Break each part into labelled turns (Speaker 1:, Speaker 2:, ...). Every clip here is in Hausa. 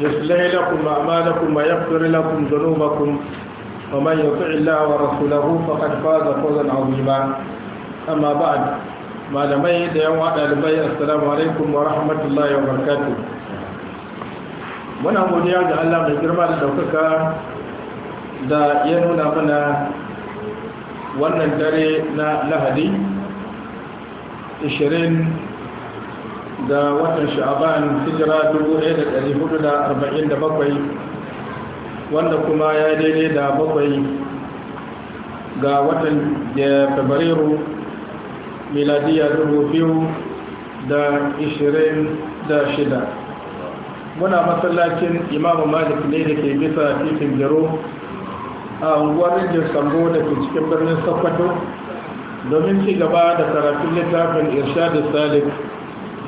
Speaker 1: يصلح لكم أعمالكم ويغفر لكم ذنوبكم ومن يطع الله ورسوله فقد فاز فوزا عظيما أما بعد ما لمي دعوة ألبي السلام عليكم ورحمة الله وبركاته muna godiya ga Allah mai girma da ɗaukaka da ya nuna mana wannan dare na lahadi 20 da watan sha'aban hijira 1447 wanda kuma ya daidai da bakwai ga watan da fabrairu miladiya 2026 muna masallacin imamu malik ne da ke bisa titin Jero, a unguwar rijiyar sambo da ke cikin birnin sokoto domin ci gaba da karatun littafin irshadu salif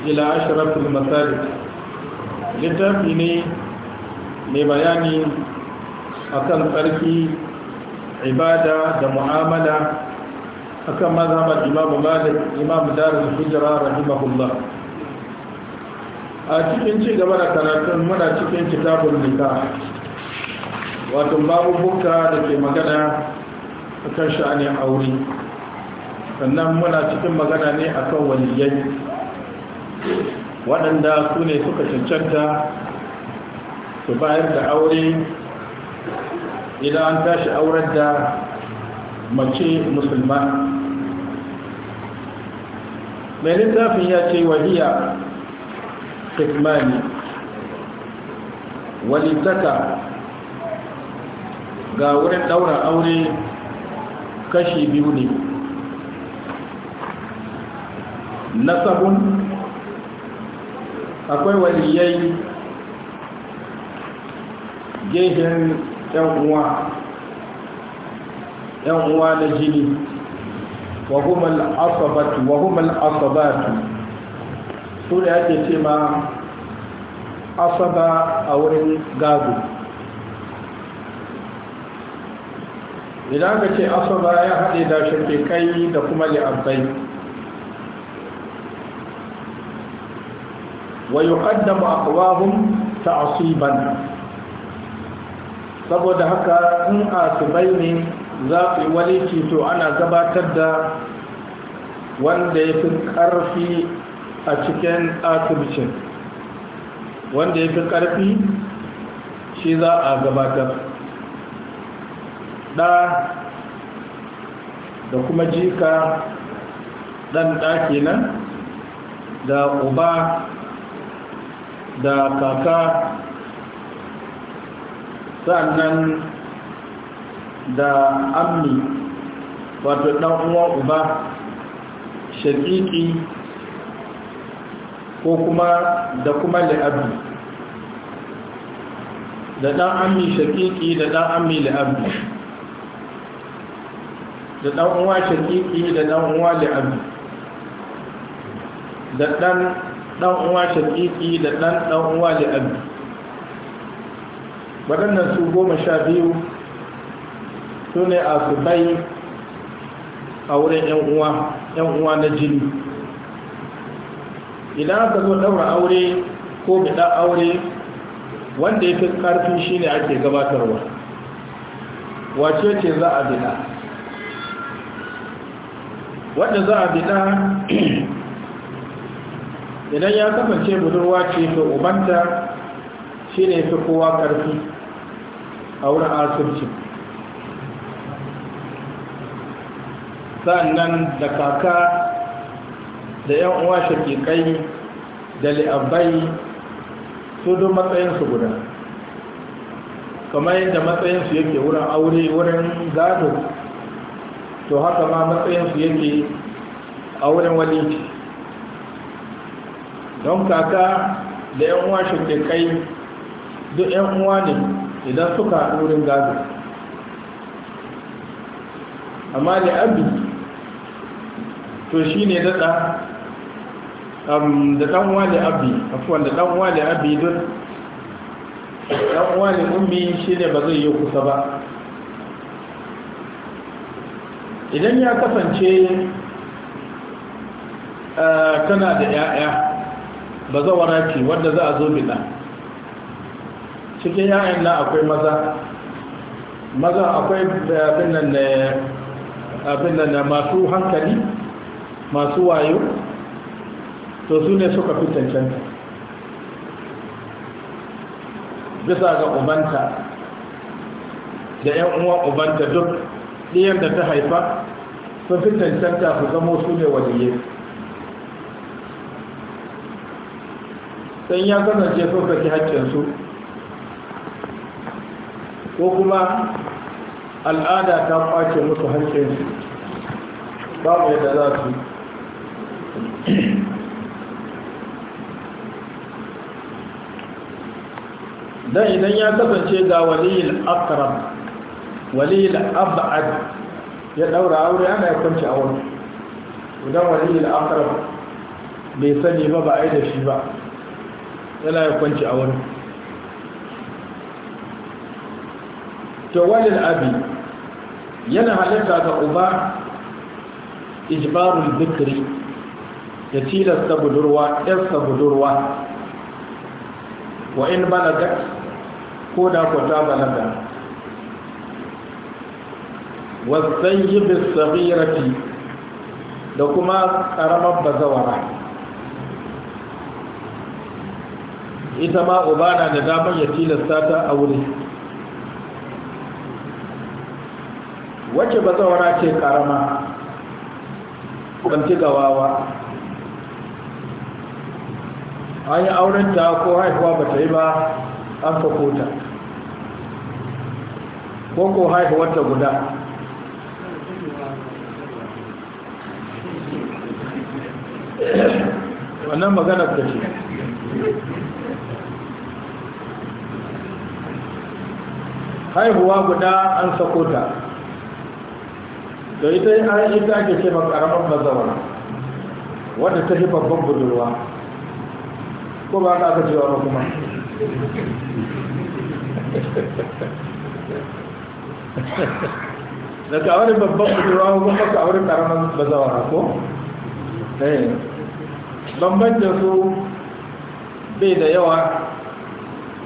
Speaker 1: ila ashiratul masajid littafi ne mai bayani akan tsarki ibada da mu'amala akan mazhabar imamu malik imamu darul hijira rahimahullah a cikin ci gaba da karatun muna cikin kitabun nika wato babu bukka da ke magana akan sha'anin aure sannan muna cikin magana ne akan waliyai waɗanda su ne suka cancanta su bayar da aure idan an tashi aurar da mace musulma mai littafin ya ce wahiya hikmani walittaka ga wurin ɗaura aure kashi biyu ne nasabun akwai waliyai gehen uwa yan uwa jini wa asabatu wa su da yake ce ma asaba a wurin gado idan ka ce asaba ya haɗe da shafikai da kuma li'abbai ويقدم yuqaddamu تعصيبا saboda haka in asibai ne za ku yi to ana gabatar da wanda ya fi ƙarfi a cikin asibitin. wanda ya fi ƙarfi shi za a gabatar ɗa da kuma jika ɗan ɗaki nan da uba da kaka sannan da ammi wato ɗan uwa uba shaƙiƙi ko kuma da kuma la’abi da ɗan ammi shaƙiƙi da ɗan ammi la’abi da ɗan uwa shaƙiƙi da ɗan uwa li'abbi da ɗan ɗan uwa shaƙiƙi da ɗan ɗan uwa li'abi waɗannan su goma sha biyu su ne a su bai a wurin ‘yan uwa na jini idan aka zo ɗaura aure ko biɗa aure wanda ya fi ƙarfi shi ne ake gabatarwa wace ce za a biɗa wadda za a biɗa idan ya kasance budurwa ce ta ubanta shi ne fi kowa ƙarfi a wurin asirci sa'annan da kaka da yan uwa shakikai da li'abbai su duk matsayinsu guda kamar yadda matsayinsu yake wurin aure wurin gado to haka ma matsayinsu yake a wurin walici don kaka da yan uwa kai duk yan uwa ne idan suka haɗu wurin gado amma da abu to shi ne daɗa da ɗanwa da abi afuwan da ɗanwa da abu don ɗanwa da ummi shi ne ba zai yi kusa ba idan ya kasance eh, tana da 'ya'ya ba za waraki wadda za a zo bida cikin ya'yan na akwai maza maza akwai eh, abin nan eh, na eh, masu hankali masu wayo to su ne suka fi cancanta bisa ga ubanta da 'yan uwan ubanta duk ɗiyan da ta haifa sun fi cancanta su zamo su ne don ya kasance tsofaki haƙƙinsu ko kuma al'ada ta ƙwace musu haƙƙinsu mu yadda za su don idan ya kasance ga waliyin akram waliyin abu'ad ya ɗaura aure ana ya kwanci a wani idan waliyin akram bai sani ba ba a yi da shi ba yana ya kwanci a wani. to abi yana halitta ga uba ijibarun zikiri da tilasta budurwa yarsa budurwa wa in balagat ko da ko ta balaga wasan yi bisabirati da kuma ƙaramar bazawara ita ma uba na da damar ya tilasta ta aure wacce bazawara ce karama kwanci gawawa an yi aurenta ko haihuwa ba ta yi ba an fakota ko ko haihuwarta guda
Speaker 2: wannan magana ta ce
Speaker 1: haihuwa guda an sako ta da ita ta ake ce ma ƙaramin bazawara wadda ta fi babban budurwa ko ba ka cewa ba kuma daga wani babban budurwa kuma ka aure karamar bazawara ko? eh bambancin su bai da yawa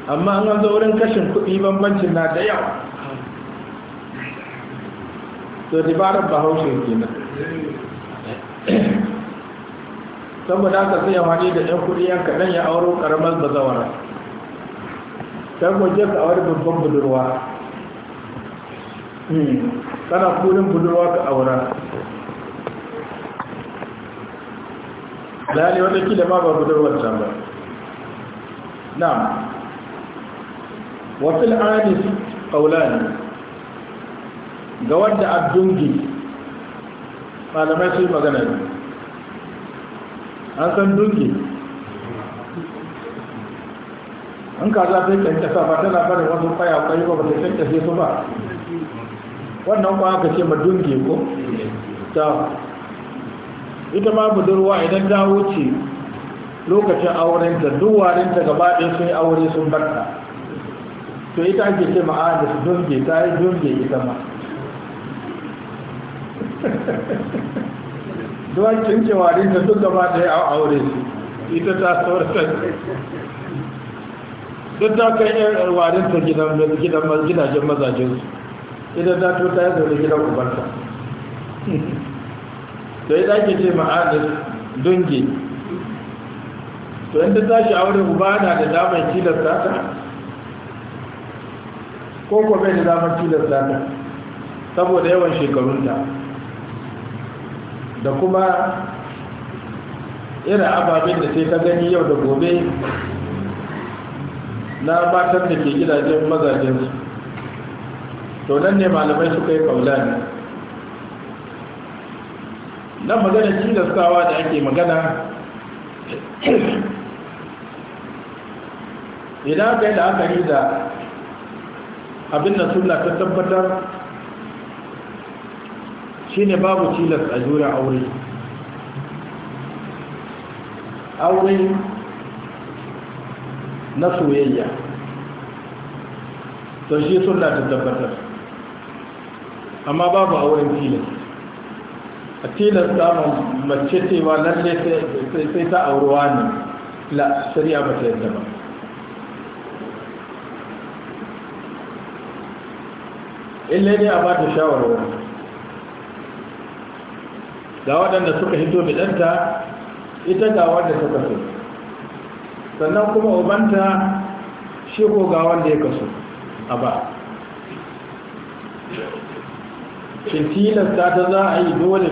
Speaker 1: amma an zo wurin kashin kuɗi bambancin na da yawa to dabarar bahaushe kenan saboda haka sai amfani da ɗan kuɗi yan kaɗan ya auro ƙaramar bazawara ta gwaje ka auri babban budurwa hmm, kana kurin budurwa ka aura ne wata kila ma ba budurwar ta ba na'am wasu al'adis ƙaulani ga wadda abdungi malamai su yi magana ne an san dungi an ka za ta yi sa ba tana barin wasu kwaya kwayo ba ba ta sai su ba wannan kwa aka ce ma dungi ko ta ita ma budurwa idan ta wuce lokacin aurenta duk warinta gaba ɗin sun yi aure sun barka to ita ake ce da su dunge ta yi dunge ita ma don cince warin ta duk gaba yi a aure su ita ta saurata duk da kan yan warin ta gidajen mazajen su idan ta ta yi zaune gidan ubarta to ita ake ce ma'ada dunge to yadda shi aure uba na da damar tilasta ta ko ko bai da damar tilasta ta saboda yawan shekarunta da kuma irin ababen da sai ta gani yau da gobe na matan da ke gidajen mazajensu to nan ne malamai suka yi kaula ne nan maganin tilastawa da ake magana idan aka yi la'akari da abin da sunna ta tabbatar shine babu tilas a jure aure aure na soyayya to shi sunna ta tabbatar amma babu auren tilas a tilas mun mace cewa lalle sai ta aurewa ne la shari'a ba ta yadda ba illa ne a ba ta shawarwari ga waɗanda suka hito bidanta ita ga wanda suka so sannan kuma ubanta shi ko ga wanda ya kaso a ba shin tilasta ta za a yi dole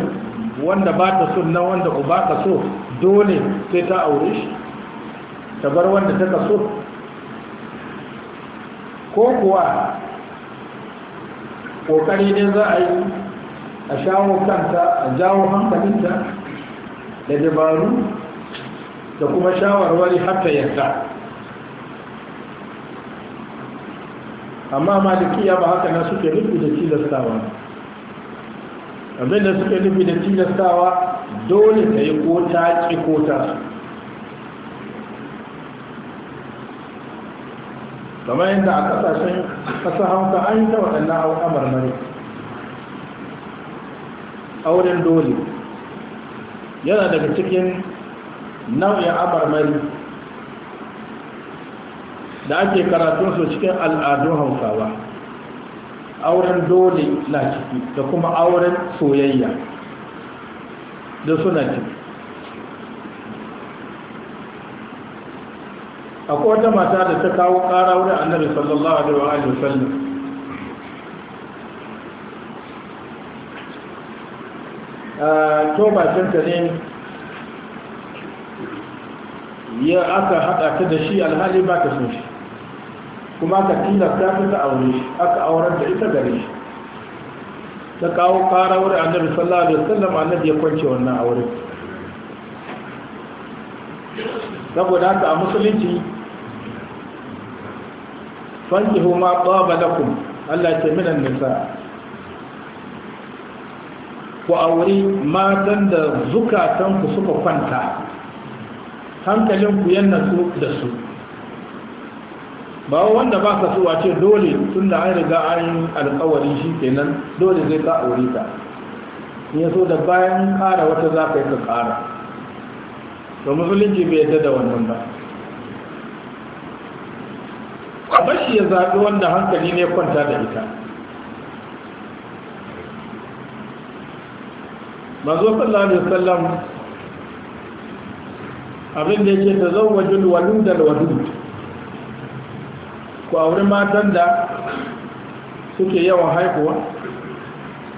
Speaker 1: wanda ba ta so na wanda uba ka so dole sai ta aure shi ta bar wanda ta kaso ko kuwa kokari ne za a yi a shawo kanta a jawo hankalinta da dabaru da kuma shawarwari hatta yarda amma malikiya ba haka na suke nufi da tilastawa abinda suke nufi da tilastawa dole ta yi ko ta ce ko ta su kamar yadda a kasashen kasa hauka an yi ta waɗannan hauka marmari auren dole yana daga cikin nau'in amarmari da ake karatun su cikin al'adun hausawa auren dole na ciki da kuma auren soyayya da suna ciki akwai wata mata da ta kawo kara wurin annabi sallallahu alaihi wa sallam ah, to bakin ta ne ya aka haɗa ta da shi alhali ba ta so shi kuma ka tilasta ta ta aure shi aka auren da ita gare shi ta kawo kara wurin annabi sallallahu alaihi wa sallam annabi ya kwance wannan aure saboda haka a musulunci fankihu ma bala lakum Allah ce minan nisa ku auri matan da zukatanku suka kwanta hankalinku yana su da su ba wanda ba ka so ce dole tun da an riga an alkawari shi kenan dole zai ka auri ta ya so da bayan kara wata za ka yi ka kara da musulunci bai yarda da wannan ba a bashi ya zaɓi wanda hankali ne kwanta da ita mazo sallallahu alaihi wasallam abin da yake tazawwajul walud al wadud ku aure matan da suke yawan haihuwa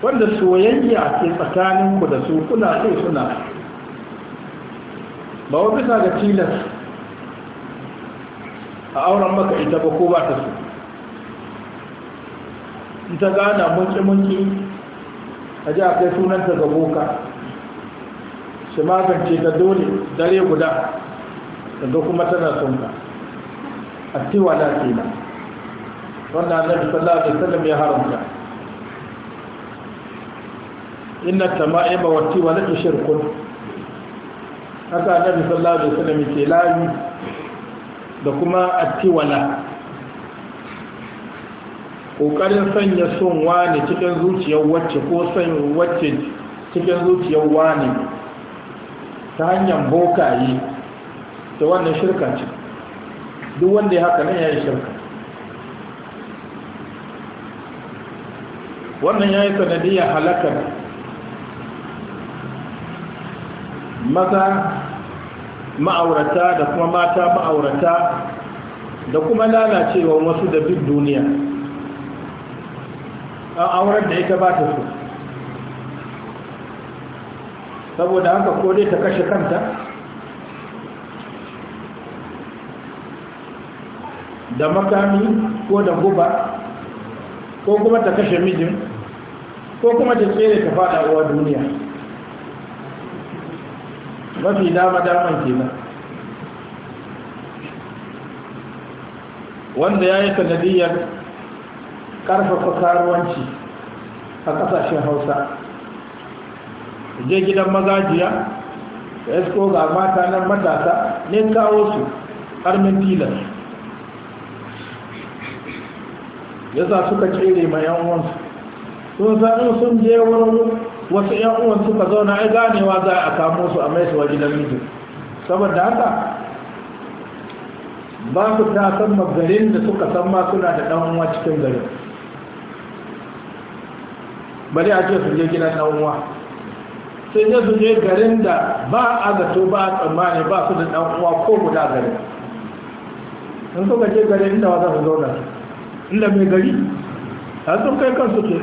Speaker 1: wanda soyayya ke tsakanin ku da su kuna so suna ba wa bisa ga tilas a auren maka ita ba ko ba ta so in ta gana munki-munki a ji a kai sunanta ga boka shi magance ta dole dare guda da kuma tana sunka a cewa na kenan wannan annabi sallallahu alaihi wasallam ya haramta inna tama'ima wa tiwala shirkun haka annabi sallallahu alaihi wasallam ke layi da kuma a tiwala ƙoƙarin sanya son wani cikin zuciyar wacce ko son wacce cikin zuciyar wani ta hanyar bokaye ta wannan shirka ce duk wanda ya haka nan ya yi shirka wannan ya yi sanadiyar halakar maza ma'aurata da kuma mata ma'aurata da kuma lalacewa wasu da duk duniya an auren da ita ba ta so saboda haka ko ta kashe kanta da makami ko da guba ko kuma ta kashe mijin ko kuma ta tsere ta fada uwa duniya mafi dama daman kenan wanda ya yi sanadiyar karfafa karuwanci a ƙasashen hausa je gidan mazajiya da esko ga mata nan matasa ne kawo su ƙarmin tilas yasa suka kere ma wansu sun sa'in sun je wurin wasu yan uwan suka zauna ai ganewa za a kamo su a mai su gidan miji saboda haka ba su ta san magarin da suka san ma suna da dan uwa cikin gari bari a ce su je gidan dan uwa sai su je garin da ba a zato ba a tsammani ba su da dan uwa ko guda gari in suka je garin inda wa za su zauna inda mai gari a sun kai kansu ke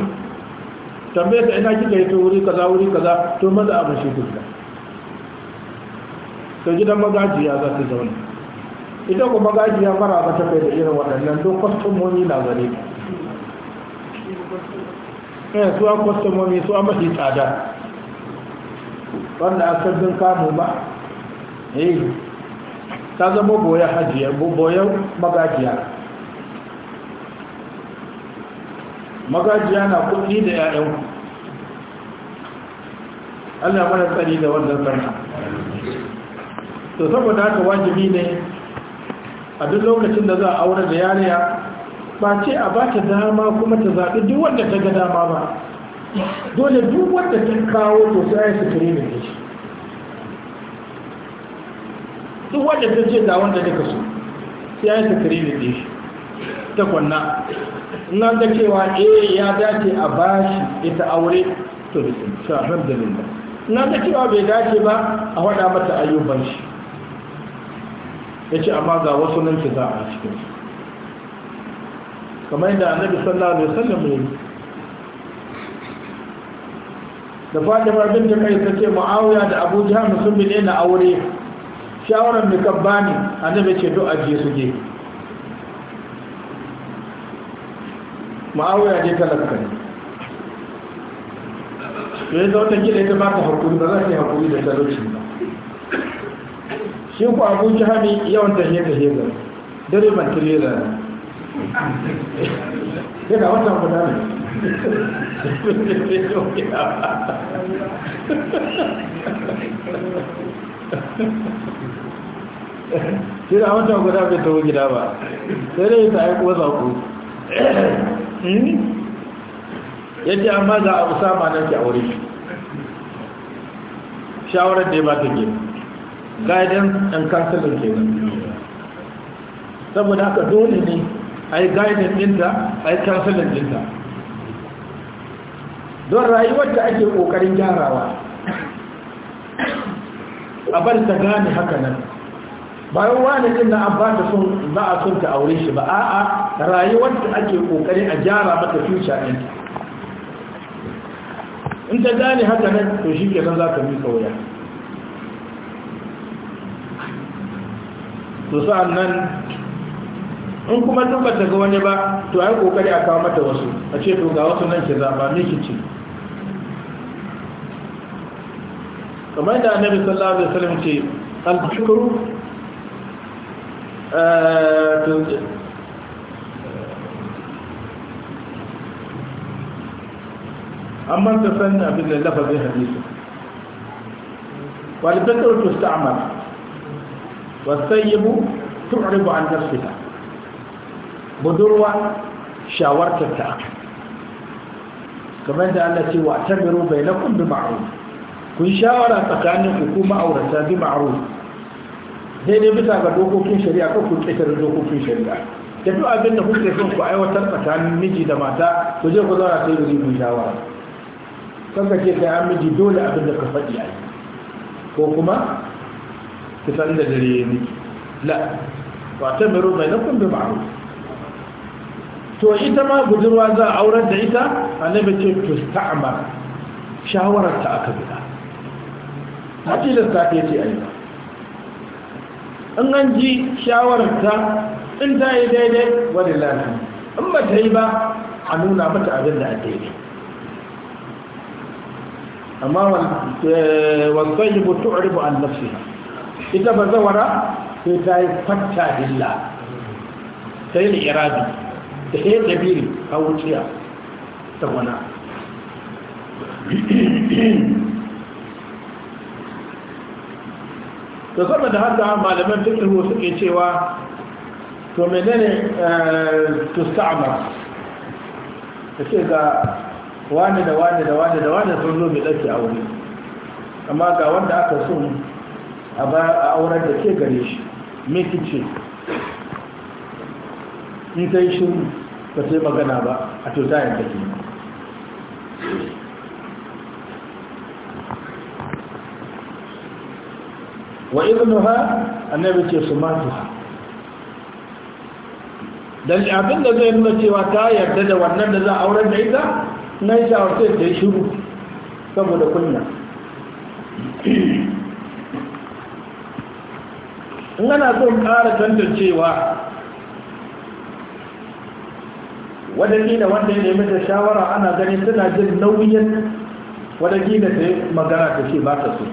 Speaker 1: tambaye da ina kika yi to wuri kaza wuri kaza to maza a bashi kuka to gidan magajiya za ta wani. ita ku magajiya fara ba ta kai da irin waɗannan don kwastomomi na gare ka eh su an kwastomomi su an mafi tsada wanda a sabbin kamu ba eh ta zama boye hajiya boye magajiya magajiya na kudi da 'ya'yanku allah mara tsari da wannan sarka to saboda haka wajibi ne a duk lokacin da za a aure da yariya ba ce a ba ta dama kuma ta zaɓi duk wanda ta ga dama ba dole duk wanda ta kawo to sai ya sufuri da shi duk wanda ta ce da wanda ta kasu sai ya sufuri da shi ta kwanna na ga cewa eh ya dace a bashi ita aure to da shi alhamdulillah na ga cewa bai dace ba a faɗa mata ayyuban shi ya ce amma ga wasu nan ki za a cikin su kamar yadda annabi sallallahu alaihi wasallam ne da fatima bin da kai ta ce ma'awiya da abu jihar sun bi na aure shawarar mikabba ne annabi ce do ajiye su je. ma'awuya dai talaka ne sai da wata gida ita ba ta hakuri ba za ta yi hakuri da talauci ba shi ku abun abu hami yawan tafiye da hezar dare ban tirela
Speaker 2: ne yana wata guda ne
Speaker 1: shi da wata guda bai tawo gida ba sai dai ta aiko zaku Hmm? yadda amma za a musamman nan ke aure shi shawarar da ya ba ta ke guidance and counseling ke nan saboda haka dole ne a yi guidance dinta a yi counseling dinta don rayuwar da ake ƙoƙarin gyarawa a bar ta gane haka nan bayan wani din da an ba ta sun za a sun ta aure shi ba a'a rayuwar da ake kokari a gyara mata future din in ta gane haka nan to shi ke nan za ka mika wuya to sa'an nan in kuma duka ta ga wani ba to ai kokari a kawo mata wasu a ce to ga wasu nan ke zaba ne ki kamar da annabi sallallahu alaihi wasallam ce al-shukru أه، أما ta san abin da lafazin hadisi والبدء تستعمل والثيب تعرب عن نفسها بدروة شاورت التعقل كما أن التي واعتبروا بينكم بمعروف كل شاورة تكاني حكومة أو رسالة بمعروف daidai bisa ga dokokin shari'a ko ku ƙetare dokokin shari'a da duk abin da kuke son ku aiwatar tsakanin miji da mata ku je ku zauna sai ku yi shawara kan ka ce kai an miji dole abin da ka faɗi a ko kuma ku san da dare ya miki la wa ta miro mai nufin bi ma'aru to ita ma gudurwa za a aurar da ita annabi ce to ta'amar shawarar ta aka bi ta tilasta ta ce ayyuka in an ji shawararta in ta yi daidai wani lafi in ba ta yi ba a nuna mata abin da a daidai amma wasan eh, yi mutu a ribu an nafsi ita ba zawara sai ta yi fatta illa ta yi iradi da ya dabiri a wuciya ta wana to da haka malaman fikihu suke cewa to menene eh, tusta'ama ta ce ga wani da wani da wani da wani sun zo mai aure amma ga wanda aka so a auren da ke gare shi me kice in ta shi ba sai magana ba a to ta wa ibnuha annabi ce su matuha dan abin da zai nuna cewa ta yarda da wannan da za a auren da ita na yi shawarce da ya shiru saboda kunya in ana son ƙara cewa wadakila wanda ya nemi da shawara ana gani suna jin nauyin da ta magana ta ce ba ta so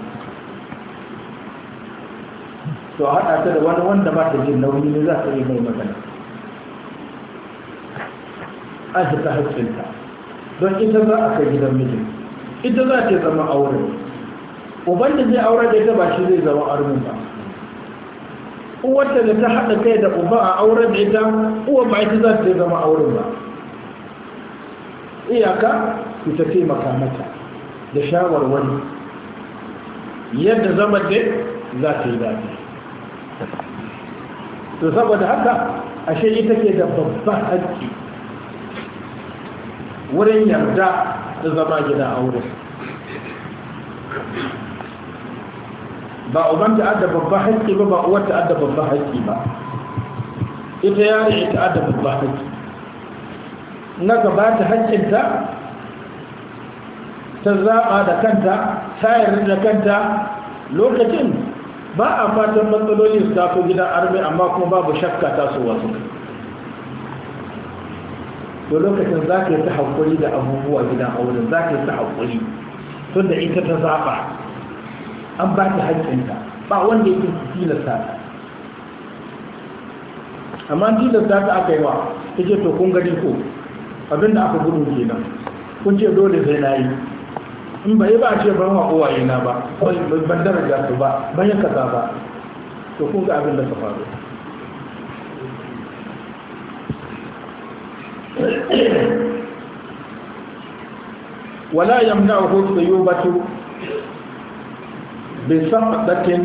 Speaker 1: to haɗa ta da wani wanda ba ta jin nauyi ne za ta yi mai magana an ta haƙƙinta don ita za a kai gidan mijin ita za ta zama aure uban da zai aure da ita ba shi zai zama armin ba uwarta da ta haɗa kai da uba a aure da ita uwa ba ita za ta zama auren ba iyaka ku ta taimaka mata da shawarwari yadda zama dai za ta yi daɗi to saboda haka ashe ita ke da babban haƙƙi wurin yarda da zama gida aure ba uban ta adda babban haƙƙi ba ba uwar ta adda babban haƙƙi ba ita yare ita adda babban haƙƙi na gabata haƙƙinta ta zaɓa da kanta ta yarda da kanta lokacin ba a fatan matsaloli su tafi gidan armi amma kuma babu shakka ta su wasu to lokacin za ka yi ta haƙuri da abubuwa gidan auren za ka yi ta haƙuri tun da ita ta zaɓa an ba ta haƙƙinta ba wanda yake tilasta ta amma tilasta ta aka yi wa ta ce to kun gani ko abinda aka gudu kenan kun ce dole zai na yi in ba ya ba ce ban wa uwaye na ba ban daraja su ba ban yanka za ba to kun ga abin da ka faru wala yamna'uhu tsayubatu bi saqdatin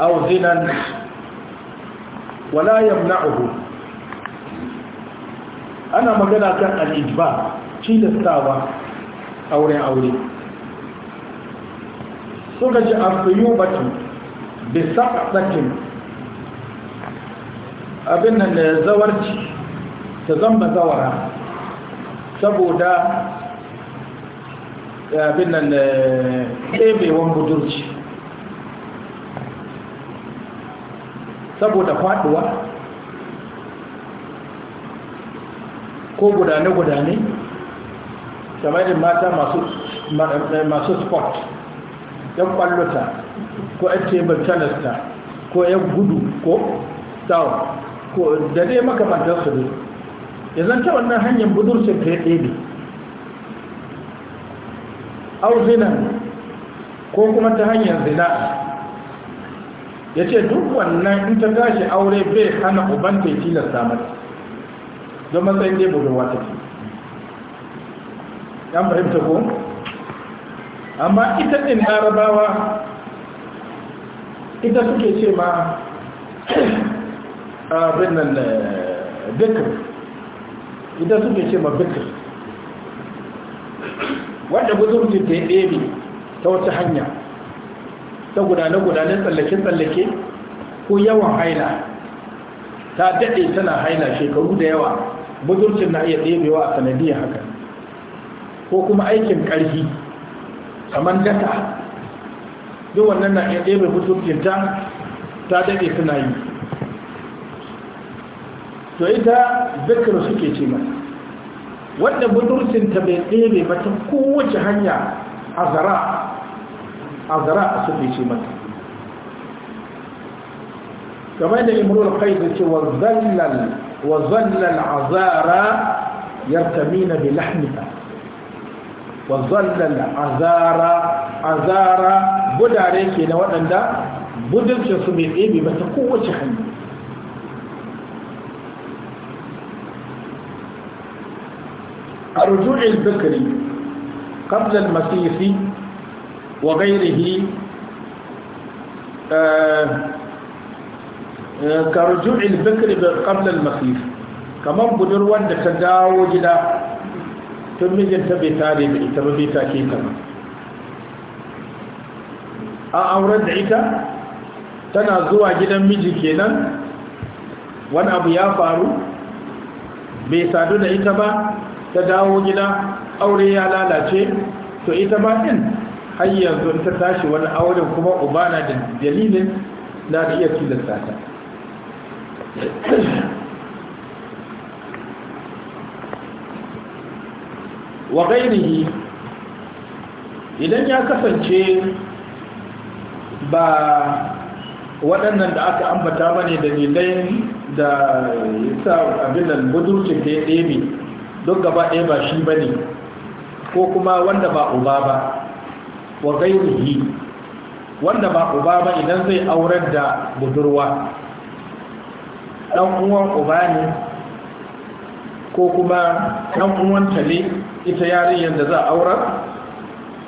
Speaker 1: aw zinan wala yamna'uhu ana magana kan al-ijba auren aure suka ji asuyubatu bi saqatin abin nan da zawarci ta zamba zawara saboda eh, abin nan da eh, ɗebewan budurci saboda faɗuwa ko gudane-gudane kamar da mata masu sport yan kwallota ko yan table tenista ko yan gudu ko tsawo ko da dai su ne ya zanta wannan hanyar budurcin ka ya ɗebe auzinan ko kuma ta hanyar zina ya ce duk wannan in ta tashi aure bai hana ubanta ya tilasta mata don matsayin dai budurwa ce Ya fahimta ko amma ita ɗin larabawa ita suke ce ma abin nan eh, bikir ita suke ce ma bikir wadda ta yi ɗebe ta wata hanya ta gudane-gudane tsallake-tsallake ko yawan haila ta daɗe tana haila shekaru da yawa budurcin na iya ɗebewa a sanadiyar haka ko kuma aikin ƙarfi kamar daka duk wannan na iya ɗebe mutuncinta ta daɗe suna yi to ita zikir suke ce mata wanda budurcinta bai ɗebe mata, ta kowace hanya a zara a zara suke ce mata kamar da imrul kai da ce wa zallal azara yartamina bi lahmika wa zallala azara azara budare ke na waɗanda budurcin su bai ɗebe ba ta kowace hanya a rujuin zikiri qabla masisi wa gairihi eh, eh, ka rujuin zikiri qabla masisi kamar budurwar da ta dawo gida tun mijinta bai tare da ita ba bai take ta ba an auren da ita tana zuwa gidan miji kenan wani abu ya faru bai sadu da ita ba ta dawo gida aure ya lalace to ita ba ɗin, har yanzu ta tashi wani auren kuma ubana da dalilin na da iya tilasta ta wa gairihi idan ya kasance ba waɗannan da aka ambata ba ne da dalilai da sa abin da budurcin da ya ɗebe duk gaba ɗaya ba shi ba ne ko kuma wanda ba uba ba wa gairihi wanda ba uba ba idan zai aurar da budurwa ɗan uwan uba ne ko kuma ɗan uwan tale ita yarinyar da za a aura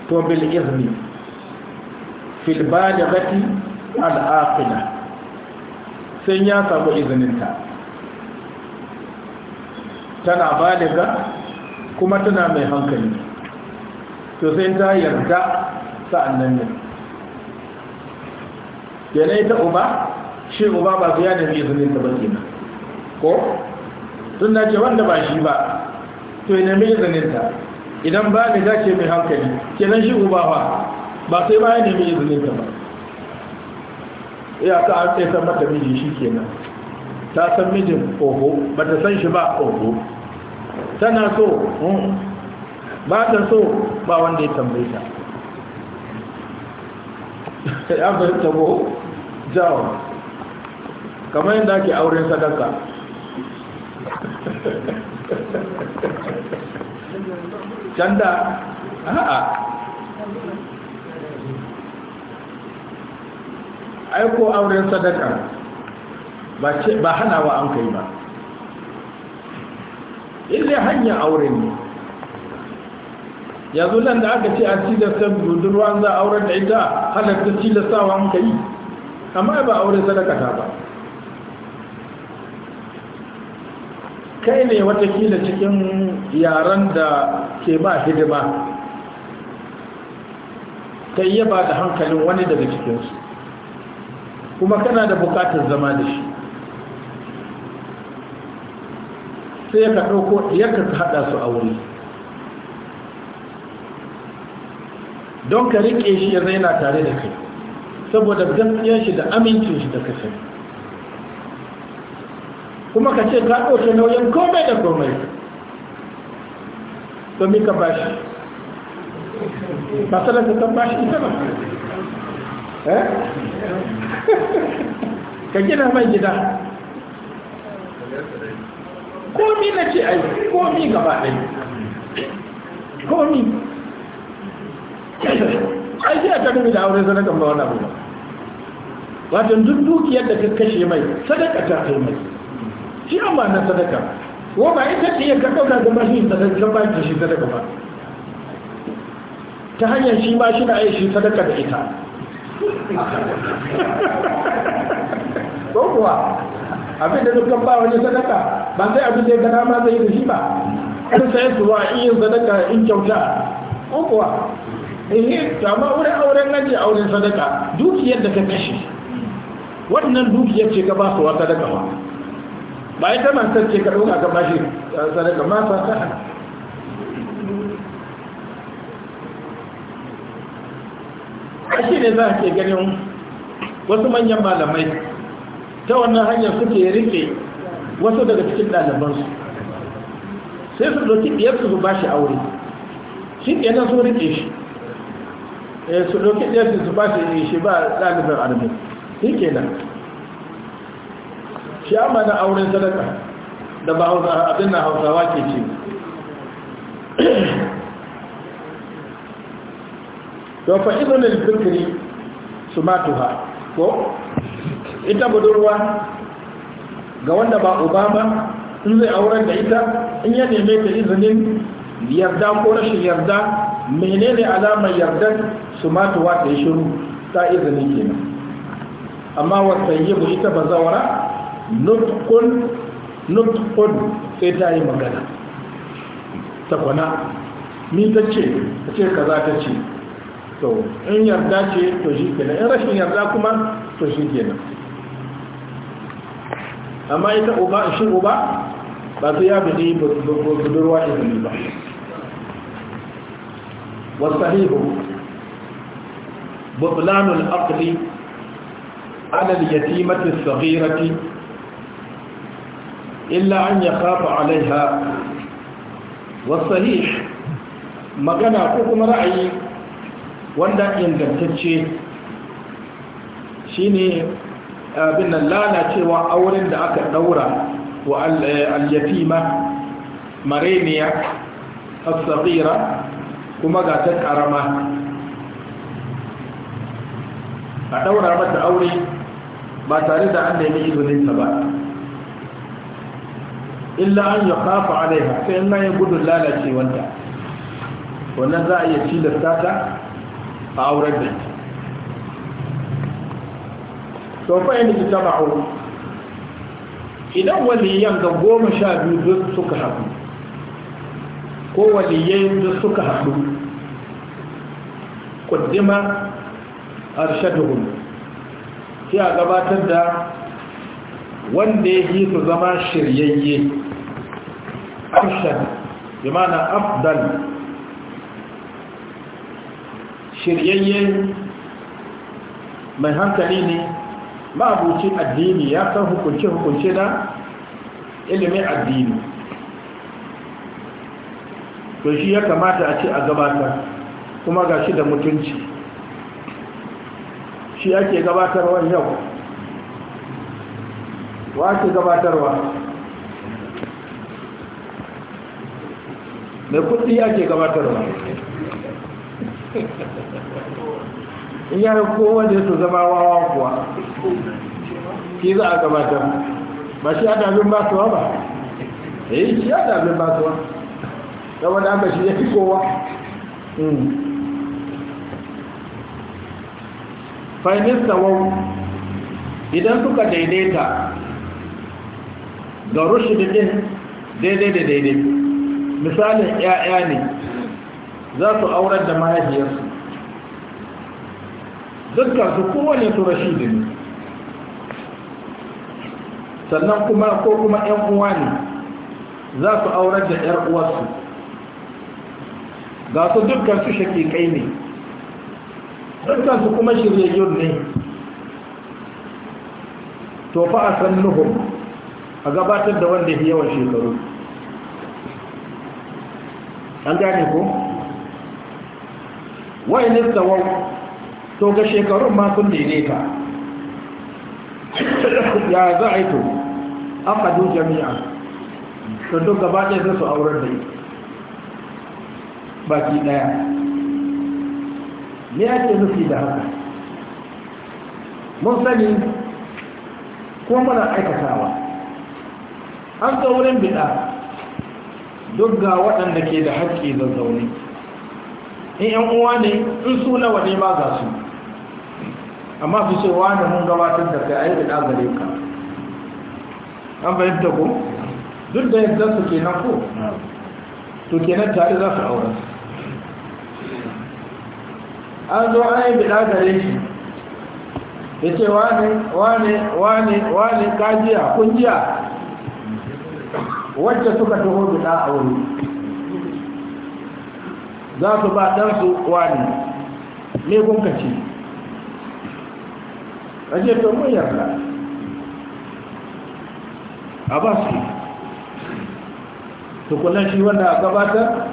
Speaker 1: to bil izni fil balighati al aqila sai ya samu ta tana baliga kuma tana mai hankali to sai ta yarda sa'annan ne yana ta uba shi uba ba su yana mai izininta ba ko tun na ce wanda ba shi ba to ya nemi izininta idan ba ni dace mai hankali kenan shi uba ba ba sai ba ya nemi izininta ba ya ka an tsaye san mata miji shi kenan ta san mijin oho ba ta san shi ba oho tana so hmm, ba ta so ba wanda ya tambaye ta ya fahimta ko jawo kamar yadda ake auren sadaka canda da a'a aiko auren sadaka ba ba hanawa an kai ba ilai hanyar auren ne yanzu nan da aka ce a tilasta budurwa za a auren da ita halatta tilastawa an kai amma ba auren sadaka ta ba kai ne watakila cikin yaren da ke ba hidima ta yi ba da hankalin wani daga cikinsu kuma kana da bukatar zama da shi sai ka ɗauko ka haɗa su a wuri don ka riƙe shi ya zaina tare da kai saboda gaskiyar shi da amincin shi da kasance kuma ka ce ka ɗauke nauyin komai da komai domin ka bashi ba sanar da kan bashi ita ba eh? ka gina mai gida
Speaker 2: komi na ce ai komi gaba ɗai komi ai
Speaker 1: sai a ta da aure zana gaba wani abu ba wajen duk dukiyar da ka kashe mai sadaka ta kai mai shi an ba na sadaka ko ba ita ce ya karɓar da zama shi sadaka ba ta shi sadaka ba ta hanyar shi ma shi na yi shi sadaka da ita ko kuwa abin da dukkan ba wani sadaka ba sai abin da ya gana ma zai da shi ba kan sai su ba in yin sadaka in kyauta ko kuwa ehe to amma wurin auren nan auren sadaka dukiyar da ka kashe wannan dukiyar ce ka ba su wa sadaka ba ba ta matar ce ka ɗauka ka bashi sadaka ma ta ta hana shi ne za a ke ganin wasu manyan malamai ta wannan hanyar suke rike wasu daga cikin ɗalibansu sai su ɗauki ɗiyarsu su bashi aure shi nan sun rike shi eh, su ɗauki ɗiyarsu su bashi shi ba ɗaliban arme shi kenan shi amma na auren sadaka da ba abin na hausawa ke ce to fa da al sumatu ha, ko ita budurwa ga wanda ba obama in zai auren da ita in ya neme ta izinin yarda ko rashin yarda menene alamar yardar sumatuwa ta yi shiru ta izinin kenan amma wata yi ita ba zawara nutkun nutkun sai ta yi magana ta kwana ni ta ce ta ce ka za ta ce to in yarda ce to shi kenan in rashin yarda kuma to shi kenan amma ita uba shi uba ba su ya bude budurwa izini ba wasu wasahihu bublanul aqli ala al-yatimati as-saghirati illa an ya kafa alaiha wasahih magana ko kuma ra'ayi wanda ingantacce shine abin nan lalacewa auren da aka ɗaura wa al-yatima mareniya as kuma ga ta karama a ɗaura mata aure ba tare da an nemi izininta ba illa an ya kafa alaiha sai in yin gudun lalacewanta wannan za a iya tilasta ta a auren da ita sau fa'in da ta idan waliyan ga goma sha biyu duk suka haɗu ko waliyai duk suka haɗu kuddima arshadahum sai a gabatar da wanda ya yi su zama shiryayye arshan bi mana afdal shiryayye mai hankali ne mabuci addini ya san hukunce-hukunce na ilimin addini to shi ya kamata a ce a gabatar kuma ga shi da mutunci shi ake gabatarwar yau wace gabatarwa mai kudi ake gabatarwa in yara kowa da su zama wawa kuwa ki za a gabatar ba shi ada abin basuwa ba eh shi ada abin basuwa saboda aka shi ya fi kowa hmm. wau idan suka daidaita da rushdi din daidai da daidai misalin ‘ya'ya ne za su aurar da mahaifiyarsu dukkan su kowane su rashi da ne sannan kuma ko kuma ‘yan uwa ne za su aurar da ‘yar uwarsu ga su dukkan su shakikai ne dukkan su kuma shiryayyun ne to fa a san nuhun a gabatar da wanda ya yawan shekaru an gane ko ne tsawon to ga shekarun ma sun daidaita ya za a yi to akadu jami'a to duk gaba da su auren da yi baki ɗaya me ake nufi da haka mun sani ko mana aikatawa har ga wurin bida duk ga waɗanda ke da haƙƙi zaune in yan uwa ne in su nawa ne ba za su amma su ce wani mun gabatar da kai ayi bida gare ka an fahimta ku duk da yadda su kenan ko to kenan tare za su aure an zo an yi bida gare shi ya ce wa ne wane wane kajiya kungiya wacce suka taho da ɗa a wuri za su ba ɗansu wani ne gunkaci a je to mun yarda a ba su tukunan shi wanda a gabatar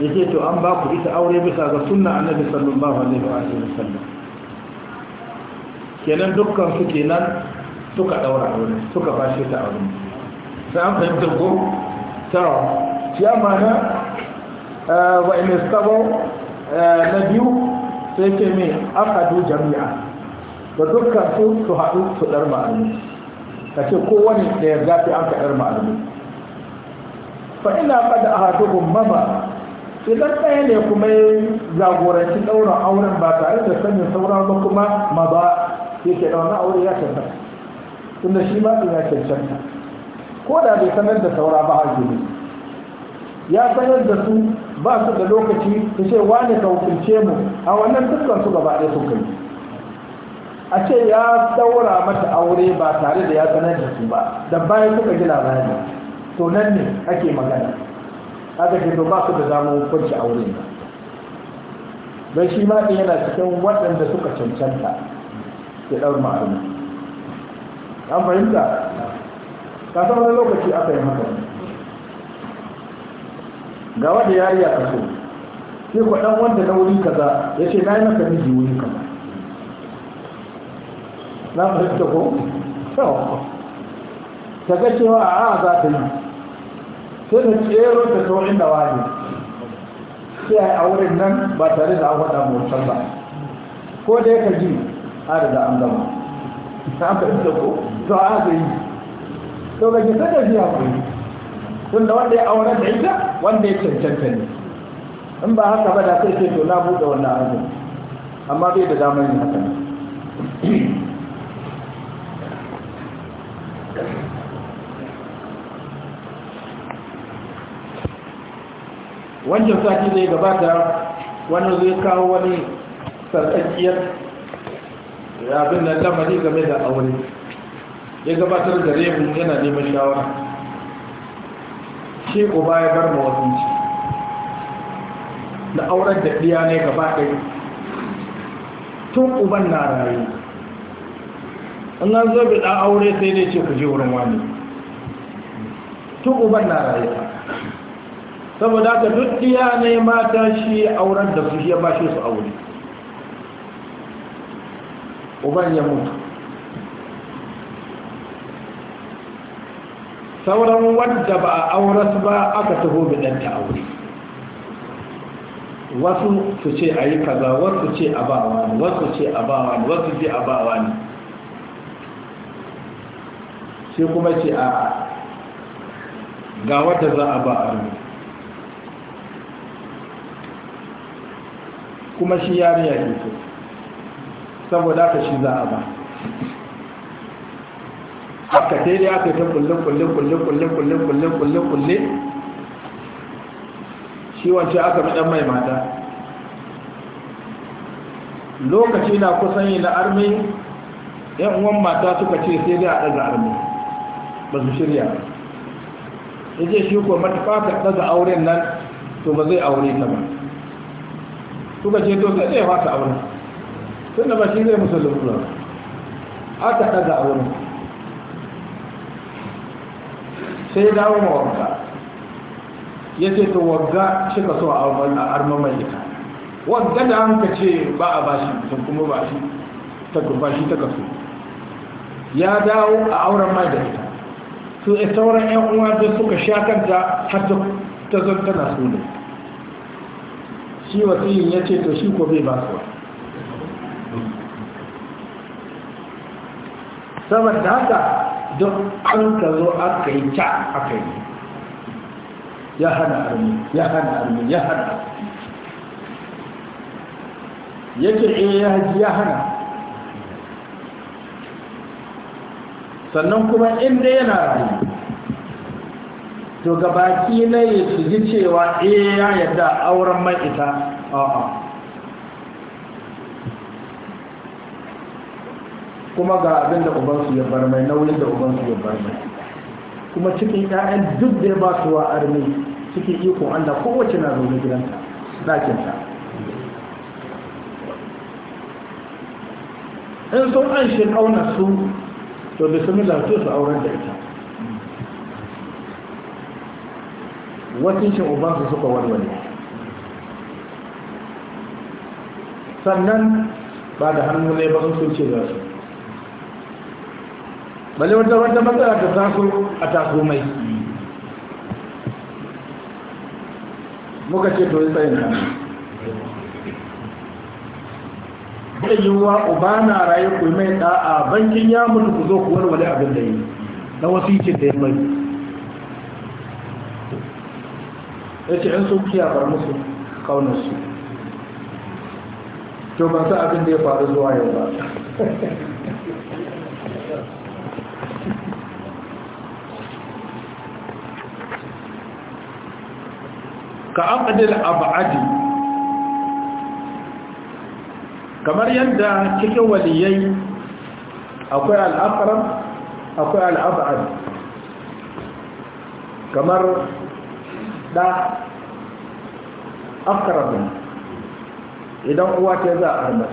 Speaker 1: ya ce to an ba ku ita aure bisa ga sunna annabi sallallahu alaihi wa sallam kenan dukkan su kenan suka daura aure suka ba shi ta aure sa'an fahimtar ko tawa Ciya mana eh, wa eh, na biyu sai ke mai akadu jami'a da dukkan su su haɗu su ɗar ma'alumi ka ce kowane ya zafi an ka ɗar ma'alumi fa ina kada a haduhun mama idan ɗaya ne kuma ya jagoranci ɗaurin auren ba tare da sanin sauran ba kuma ma ba ke ɗaunar aure ya cancanta tunda shi ma ɗin ya cancanta ko da bai sanar da saura ba har ya sanar da su ba su da lokaci su ce wani ka hukunce mu a wannan dukkan su gaba ɗaya sun kai a ce ya saura mata aure ba tare da ya sanar da su ba da bayan suka gina bayani to nan ne ake magana A ga to ba su da zama hukunci aure ba bai shi ma ɗaya yana cikin waɗanda suka cancanta ya ɗaura ma'arumi an fahimta kasan wani lokaci aka yi haka ga wanda ya yi a kaso sai ku wanda na wuri kaza ya ce na yi maka miji wuri kama na fahimta ko? ta ga cewa a a za ta yi sai da tsero da saurin da wani sai a yi wurin nan ba tare da an faɗa motar ba ko da ya ka ji a da an gama na fahimta ko? to a zai yi to ba ki saka shi hakuri wanda ya aure da ita wanda ya cancanta ne in ba haka ba da sai ke to na buɗe wannan abu amma bai da damar yin haka wancan sati zai gabata wani zai kawo wani sarƙaƙiyar abin da lamari game da aure ya gabatar da rehu yana neman shawara shi uba ya bar mawazinci da auren da ɗiya ne gaba ɗaya tun uban na rayu in an zo bi ɗan aure sai ne ce ku je wurin wani tun uban na rayu saboda haka duk ɗiya ne mata shi auren da su shi ya ba shi su aure uban ya mutu sauran wadda ba a auras ba aka taho bidanta aure wasu su ce a yi kaza wasu ce a ba wani wasu ce a ba wani wasu ce a ba wani sai kuma ce a ga wadda za a ba a kuma shi yariya ke so saboda ka shi za a ba haka sai dai aka yi ta kulle kulle kulle kulle kulle kulle kulle kulle shi wance aka bi dan mai mata lokaci na kusan yi na armi yan uwan mata suka ce sai dai a ɗaga armi ba su shirya ya ce shi ko matuƙa ka daga auren nan to ba zai aure ta ba suka ce to sai dai ya fata auren tunda ba shi zai musulun ba aka daga auren sai ya dawo ma wanka, ya ce ta wanka shi ka so a armar mai ita da an ka ce ba a bashi sun kuma ba shi ta gaba shi ta kaso ya dawo a auren mai da ita su a sauran yan uwa da suka sha kanta har ta zantana su ne shi wasiyin ya ce to shi ko bai ba su saboda haka duk an ka zo aka yi ta aka yi ya hana armi ya hana armi ya hana yake ya haji eh, ya hana sannan kuma inda yana rayu to gabaki na ya ji cewa eh ya yadda auren mai ita a'a kuma ga abin da ubansu ya bar mai nauyin da ubansu ya bar mai kuma cikin 'ya'yan duk da ya ba su wa arni cikin ikon Allah kowace na zaune gidanta ɗakinta in sun an shi kauna su to da su su auren da ita shi ubansu suka warware sannan ba da hannu ne ba sun ce za su bale wata wata matsala ta taso a taso mai muka ce to yi tsayin nan zai yiwuwa uba na raye ku mai da'a bankin ya mutu ku zo kuwar wale abin da yi na wasu yake da yi mai ya ce in sun bar musu kaunarsu to ban sa abin da ya faru zuwa yau ba ka aqdil ab'adi kamar yadda cikin waliyai akwai al'aqrab akwai al'ab'ad kamar da aqrabin idan uwa ta za a armar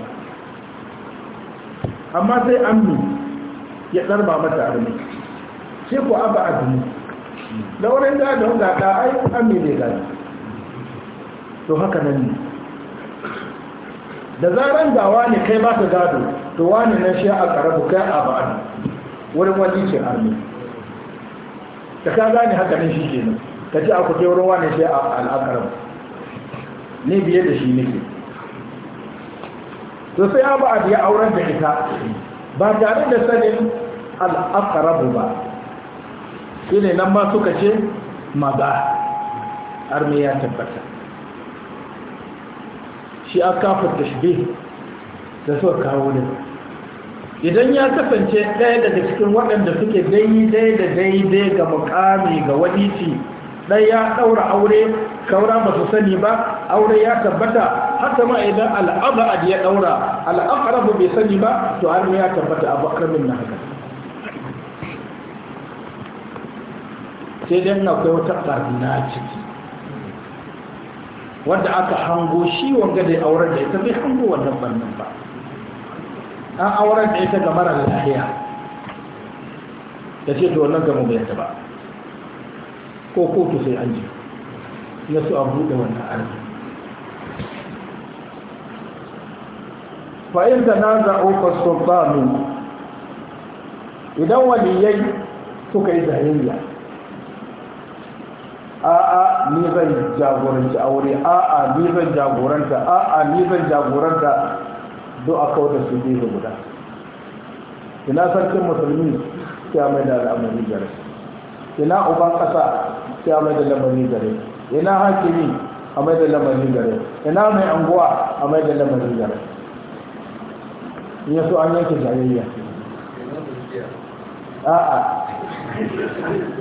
Speaker 1: amma sai ammi ya darba mata armi sai ku ab'ad ne da wurin da da ai ammi ne gani to haka nan ne da zaran ga wani kai ba ka gado to wani na shi a karabu kai a ba'adu wurin wani ce armi da ka gane haka nan shi ke nan ka ji a kuke wurin wani shi a al'akarabu ne biye da shi nake to sai ya ba'adu ya auren da ita ba tare da sanin al'akarabu ba shi ne nan ma suka ce ba, armi ya tabbata shi aka fata shige da suka kawo ne idan ya kasance ɗaya daga cikin waɗanda suke daidai da daidai ga mukami ga wadici ɗaya ya ɗaura aure kaura ba su sani ba aure ya tabbata haka ma idan al'abad ya ɗaura al'aqrab bai sani ba to an ya tabbata abu akramin na haka sai dan akwai wata na ciki wanda aka hango shi wanga da auren da ita bai hango wannan bannin ba an auren da ita ga mara lahiya da ce to wannan gama bai ta ba ko kotu sai an ji na su abu da wannan arziki fa'in da na za'o fasultanu idan waliyai suka yi zahiriya a a ni zan jagoranci aure a'a ni zan jagoranta a'a ni zan jagoranta do a kawo su gefe guda ina sarkin musulmi ya mai da al'amari gare ina uban kasa ya mai da lamari gare ina hakimi a mai da lamari gare ina mai anguwa a mai da lamari gare ya so an yanke jayayya a'a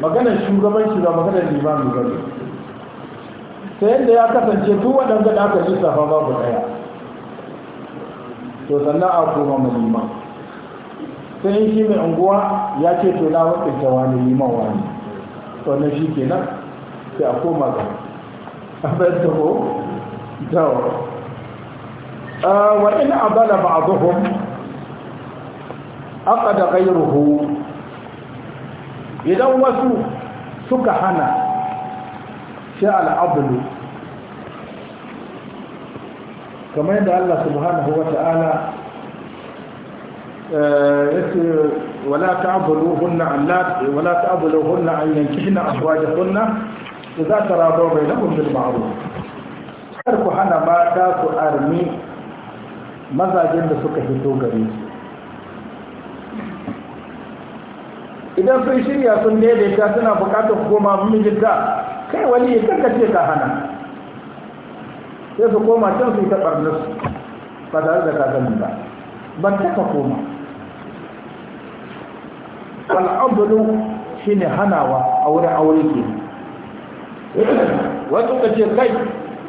Speaker 1: maganar shugabanci ba maganar limami gari ta yadda ya kasance duk waɗanda da aka lissafa babu ɗaya to sannan a koma mai liman sai shi mai unguwa ya ce to na cewa ne liman wani to na shi nan, sai a koma ga abin da ko dawo zuhun aka da أقد Idan wasu suka hana. sai al'abulu kamar yadda Allah subhanahu wa ta'ala eh, ya ce wala ta'abuluhunna Allah wala ta'abuluhunna an yankihna azwajahunna idza taradaw bainahum bil ma'ruf kar ku hana mata su armi mazajen da suka fito gare su idan sun shirya sun daidaita suna bukatar koma mijinta kai wani ya kanka ce ka hana sai su koma can su yi taɓar nasu ba tare da kasanin ba ban taɓa koma al'abdu shi ne hanawa a wurin aure ke wasu ka ce kai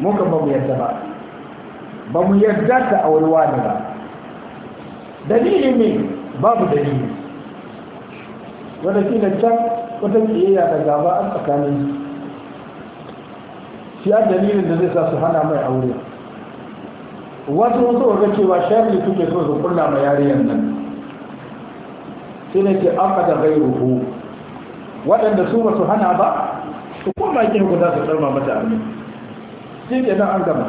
Speaker 1: muka ba mu yadda ba ba mu yadda ta aurewa ne ba dalili ne babu dalili wata kila can wata kiyayya da gaba a tsakanin shi a dalilin da zai sa su hana mai aure wasu wasu ga cewa su suke so su kulla ma yariyan nan sai ne ke aka da ruhu waɗanda su ba su hana ba su kuma kin guda su tsarma mata a shi ke nan an gama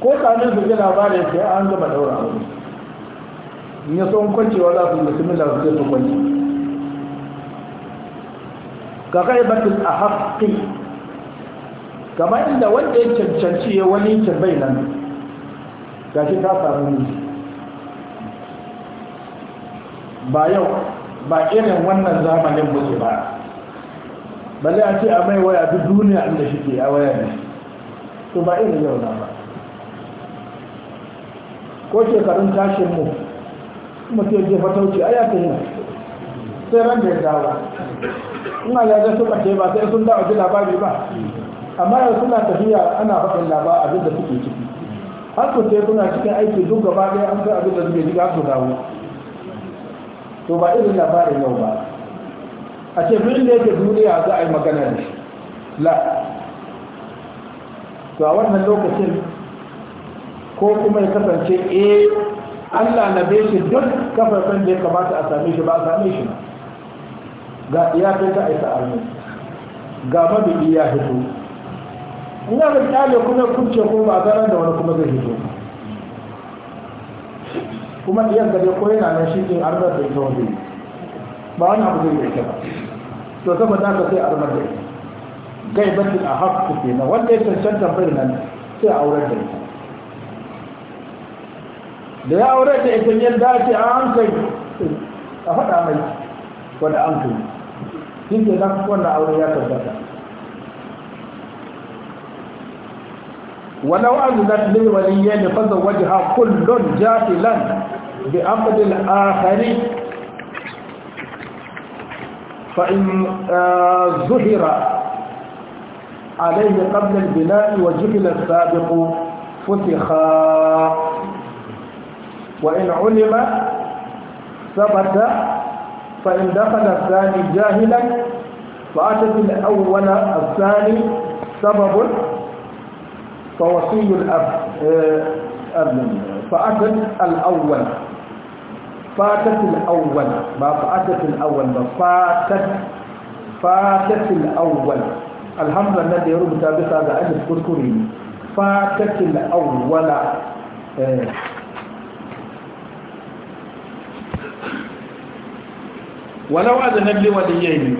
Speaker 1: ko kanin su ji labarin sai an gama daura aure in ya son kwancewa za su yi bismillah su suke su kwanci. ka kai a haƙƙi kamar inda wanda ya cancanci ya wani bai nan ga shi ta samu ne. ba yau ba irin wannan zamanin mutu ba balle a ce a mai waya duk duniya inda shi ke a waya ne to ba irin yau na ba ko shekarun tashin mu mutum je fatauci a ya ta yi sai ran da ya dawa ina ya ga suka ce ba sai sun dawa ji labari ba amma yau suna tafiya ana faɗin laba abin da suke ciki har ku sai suna cikin aiki duk gaba ɗaya an san abin da suke ciki har dawo to ba irin labarin yau ba a ce duk da yake duniya za a yi magana da shi la to a wannan lokacin ko kuma ya kasance eh Allah na be shi duk kafafen da ya kamata a same shi ba a same shi ba ga iyakar ta aika ga mabiyi ya fito Ina da misali kuma kunce ko ba zara da wani kuma zai hito kuma iyan gare ko yana nan shi ke arnar da ita wani ba wani abu zai yake ba to saboda ka sai arnar da ita gaibatin a haku kenan wanda ya cancanta bai nan sai auren da ita da ya aure da ita da dace a hankali a faɗa mai wanda an kai shi ke nan wanda aure ya tabbata ولو أذنت للوليين فزوجها كل جاهلا بأمر الآخر فإن آه، ظهر عليه قبل البناء وجهل السابق فسخا وإن علم ثبت فإن دخل الثاني جاهلا فأتت الأول الثاني سبب فوصي الأب آه، فأتت الأول فاتت الأول ما فأتت الأول ما فاتت فاتت الأول الحمد لله الذي يربط بها هذا ألف كركرين فاتت الأول آه. ولو أذنب لي وليين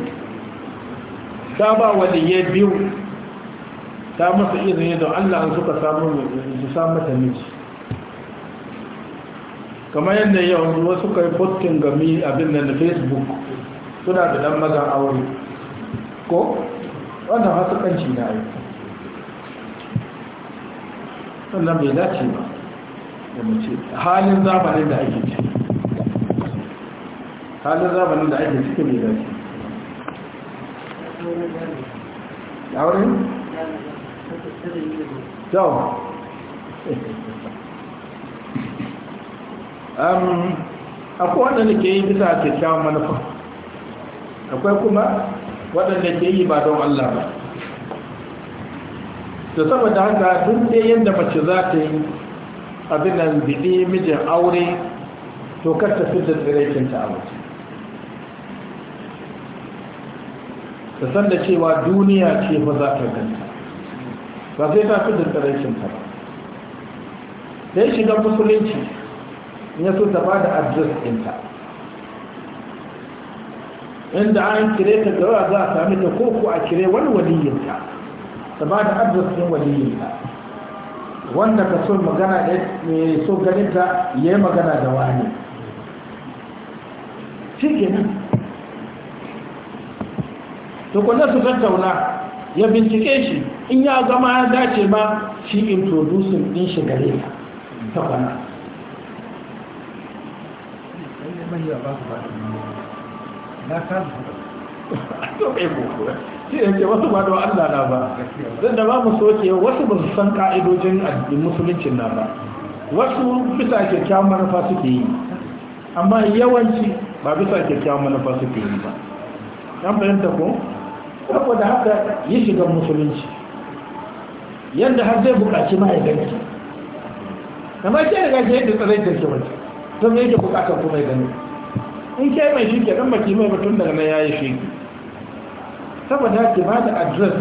Speaker 1: كابا وليين بيو ta masa izini don Allah an suka samu su samu ta miji kamar yadda yau wasu kai fotkin gami abin da na facebook suna da dan maza aure ko wannan kanci na yi wannan bai dace ba da mace halin zamanin da ake ce, halin zamanin da ake cikin bai dace
Speaker 2: aure? to
Speaker 1: akwai waɗanda ke yi bisa kyakkyawan manufa akwai kuma waɗanda ke yi ba don Allah ba da saboda haka duk da yadda mace za ta yi abin da biɗi mijin aure to kar ta fi da tsiraikinta a waje ta san cewa duniya ce ba za ta ganta ba zai ta fitar da rashinta ba sai shiga musulunci ya so ta ba da adres ɗinta inda an kire ta gawa za a sami ta koko a kire wani waliyinta ta ba da adres ɗin waliyinta wanda ka so magana ne so ta ya yi magana da wani shi to tukunan su tattauna ya bincike shi in ya zama ya dace ba shi introducing din shi gare ka ta kwana wasu ba da Allah na ba zan da ba mu soke wasu ba su san ka'idojin addinin musuluncin na ba wasu bisa kyakkyawan manufa suke yi amma yawanci ba bisa kyakkyawan manufa suke yi ba Yan fahimta ko saboda haka ya shiga musulunci yadda har zai buƙaci mahaifinki kamar ke daga ke yadda tsarai da ke wata to me yake bukatar kuma ya gani in ke mai shi ke ɗan baki mai mutum daga na yayi shi saboda ki ba da adres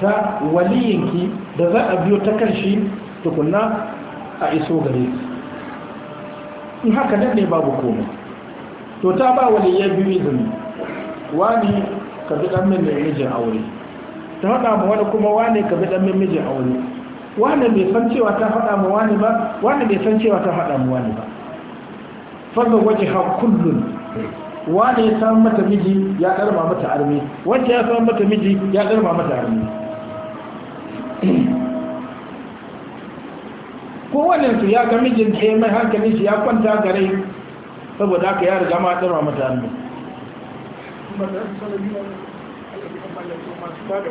Speaker 1: ta waliyinki da za a biyo ta karshe tukuna tukunna a iso gare ki in haka nan ne babu koma, to ta ba waliyyar biyu izini wani ka bi ɗan min da mijin aure ta faɗa ma wani kuma wane ka bi ɗan mijin aure wane bai san cewa ta faɗa ma wani ba wane bai san cewa ta faɗa ma wani ba fadda waje ha kullun wane ya samu mata miji ya karba mata armi wacce ya samu mata miji ya karba mata armi wannan su ya ga mijin ɗaya mai hankali shi ya kwanta gare saboda haka ya riga ma karba mata armi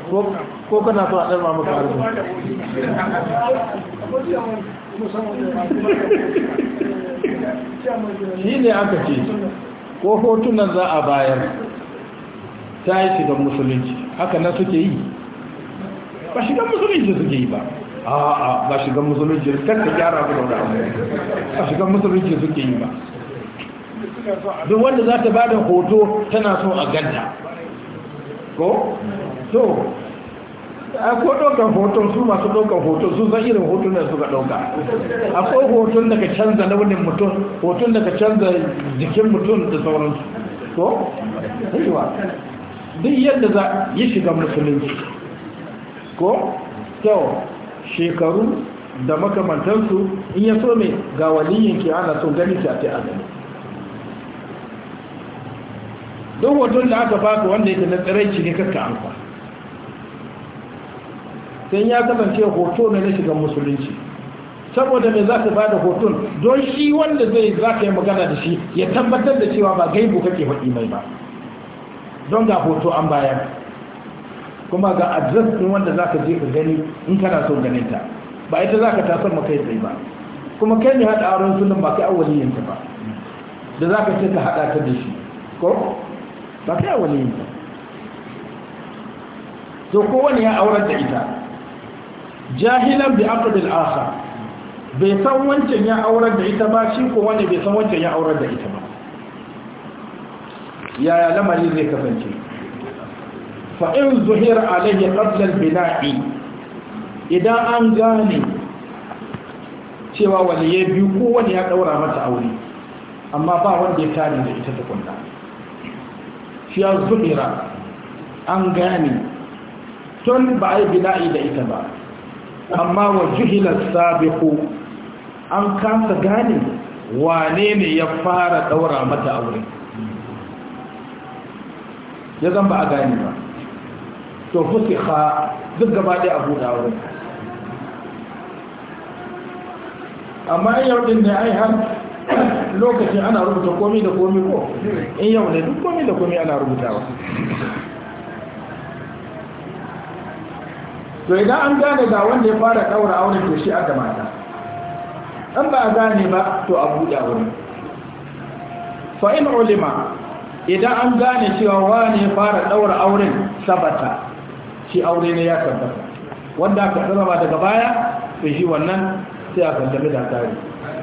Speaker 2: ko
Speaker 1: kana so a ɗarma maka harbi
Speaker 2: shi ne aka ce
Speaker 1: ko hotunan za a bayar ta yi shigar musulunci haka na suke yi ba shigan musulunci suke yi ba a'a ba shigan musulunci kan ta gyara ku da ba shigan musulunci suke yi ba
Speaker 2: duk wanda za ta bada
Speaker 1: hoto tana so a ganta ko? so ko ɗaukar hoton su masu ɗaukar hoton su zan irin hoton da suka ɗauka akwai hoton daga canza launin mutum hoton daga canza jikin mutum da sauransu
Speaker 2: ko? haiwa
Speaker 1: duk yadda za yi shiga musulunci ko? kyau shekaru da makamantansu in ya mai ga waliyin ke ana so gani ta a gani duk hoton da aka baka wanda yake na tsiraici ne kakka fa, sai ya kasance hoto ne na shiga musulunci saboda mai za ka bada hoton don shi wanda zai za ka yi magana da shi ya tabbatar da cewa ba gaibu kake faɗi mai ba don ga hoto an bayar kuma ga adres ɗin wanda za ka je ka gani in kana son ganin ta ba ita za ka tasar ma kai tsaye ba kuma kai ne haɗa aron sunan ba kai yanta ba da za ka ce ka haɗa ta da shi ko ba sai a wani to kowane ya aurar da ita jahilan bi aqdil akhar bai san wancan ya aurar da ita ba shi ko wani bai san wancan ya aurar da ita ba yaya lamarin zai kasance fa in zuhira alayhi qatl al-bina'i idan an gane cewa ya biyu ko wani ya daura mata aure amma ba wanda ya tari da ita ta tukunna ya zuhira an gane tun ba a yi bila'i da ita ba amma wa juhilar sabiku an kasa gane wane ne ya fara daura mata aure ya zan ba a gane ba to fusiha duk gaba ɗaya abu da aure amma yau din da ai lokacin ana rubuta komai da komai ko in yau ne duk komai da komai ana rubutawa to idan an gane ga wanda ya fara daura auren to shi aka mata an ba a gane ba to a buɗe wuri fa in ulima idan an gane cewa wani ya fara daura auren sabata shi aure ne ya tabbata wanda aka tsara daga baya to shi wannan sai a kaddame da tare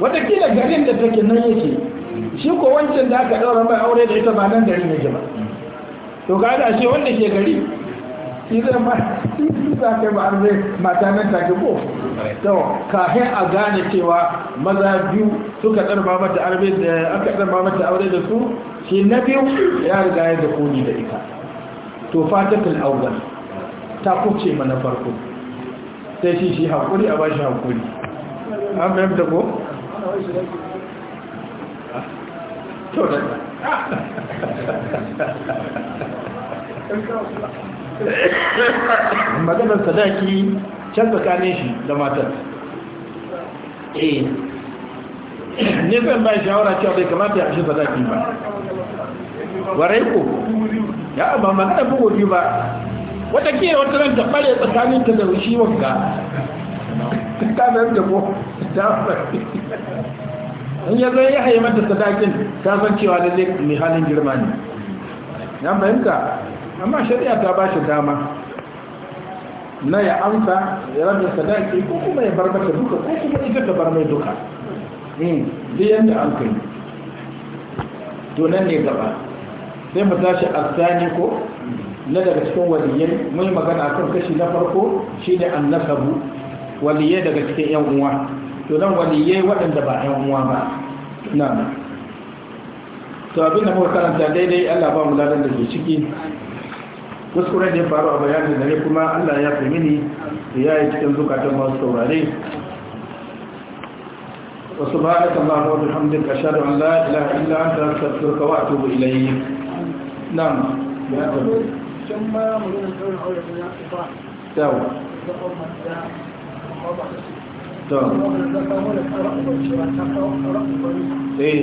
Speaker 1: watakila garin da take nan yake shi ko wancan da aka ɗaura mai aure da ita ba nan gari ne ba to ga da shi wanda ke gari shi zai ma shi za ka ba an mata nan take ko to kafin a gane cewa maza biyu suka ɗarma mata arbe da aka ɗarma mata aure da su shi na biyu ya riga ya da koni da ita to fatatul awwal ta kuce mana farko
Speaker 2: sai shi shi hakuri a
Speaker 1: bashi hakuri an da ko
Speaker 2: ta sadaki
Speaker 1: can tsakanin shi da matar eh ne zan bai shawara cewa bai kamata ya fi sadaki ba warai ko ya ba maganar bugu biyu ba wata ke wata nan ta tsakanin ta da shi wanka ta nan da ko ta fara in ya ya haye mata sadakin ta san cewa zai mai halin girma ne ya fahimta amma shari'a ta ba shi dama na ya amsa ya rabin sadaki ko kuma ya bar mata duka ko kuma ita ta bar mai duka hmm, duk yadda an kai to nan ne gaba sai mu tashi asani ko na daga cikin waliyyai mun magana akan kashi na farko shi shine annasabu waliyyai daga cikin yan uwa to nan waliyai waɗanda ba ‘yan uwa ba na to abin da muka karanta daidai Allah ba mu ladan da ke ciki kuskure da ya faru a bayanin da ne kuma Allah ya fi mini ya yi cikin zukatan masu saurare wasu ba da kama wa bihamdin kashar an la ilaha illa an ta satturka wa atubu ilayi Na ya tabi
Speaker 2: yawa to eh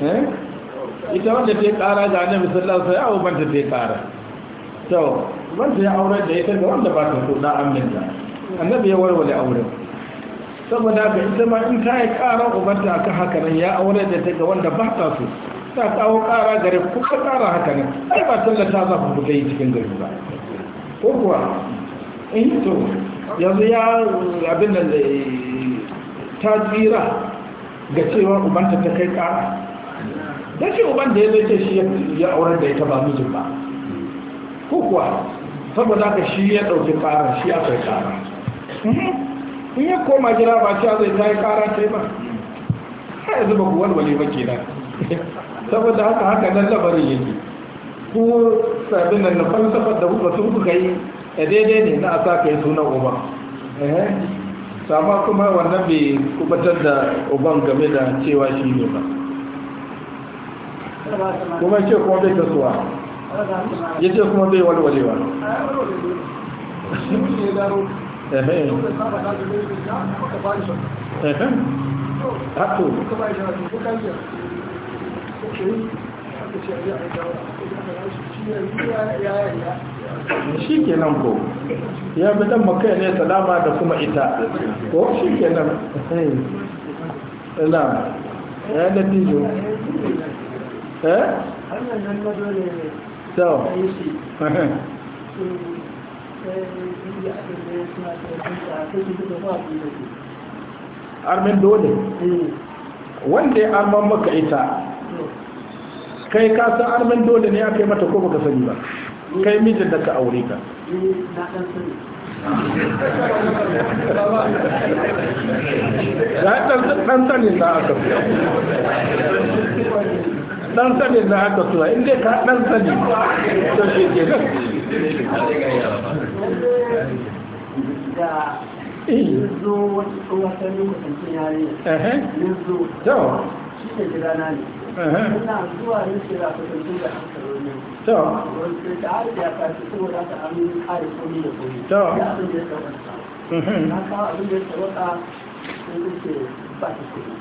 Speaker 2: Eh? ita
Speaker 1: wanda ta yi kara ga annabi sallallahu alaihi wasallam ban ta ta yi kara to ban ta aure da ita ga wanda ba ta so na aminta annabi ya warware aure. saboda ga ita ma in ta yi kara ubanta akan haka nan ya aure da ta ga wanda ba ta so ta kawo kara gare ku ka kara haka nan ai ba tallata za ku fita yi cikin gari ba ko kuwa in eh, to yanzu ya abin da eh, ta tsira ga cewa ubanta ta kai kara don shi uban da ya zai ce shi ya auren da ita ba mijin ba ko kuwa saboda ka shi ya ɗauki ƙara shi ya kai ƙara in ya koma gida ba shi zai ta yi ƙara ta yi ba ha yanzu ba ku wani ba ke nan saboda haka haka nan labarin yake ko sabin nan na falsafar da kuka sun kuka yi a eh, daidai ne na a sa ka yi sunan uban sama eh, kuma wannan bai kubatar da uban game da cewa shi ne ba
Speaker 2: kuma ce kuma bai kasuwa ya ce kuma bai walwalewa Hato. shi kenan ko ya fi dan makai ne salama da kuma ita ko shi kenan
Speaker 1: na ya da tijo eh, eh armin dole eh. wanda ya arman maka ita kai ka san armin dole ne ya kai mata ko baka sani ba eh. kai mijin da ka aure ka
Speaker 2: za na ɗan
Speaker 1: sani za a fiye
Speaker 2: dan sanin na haka suna in ka dan sani to shi ke na abin da ya tsawata sun ba ta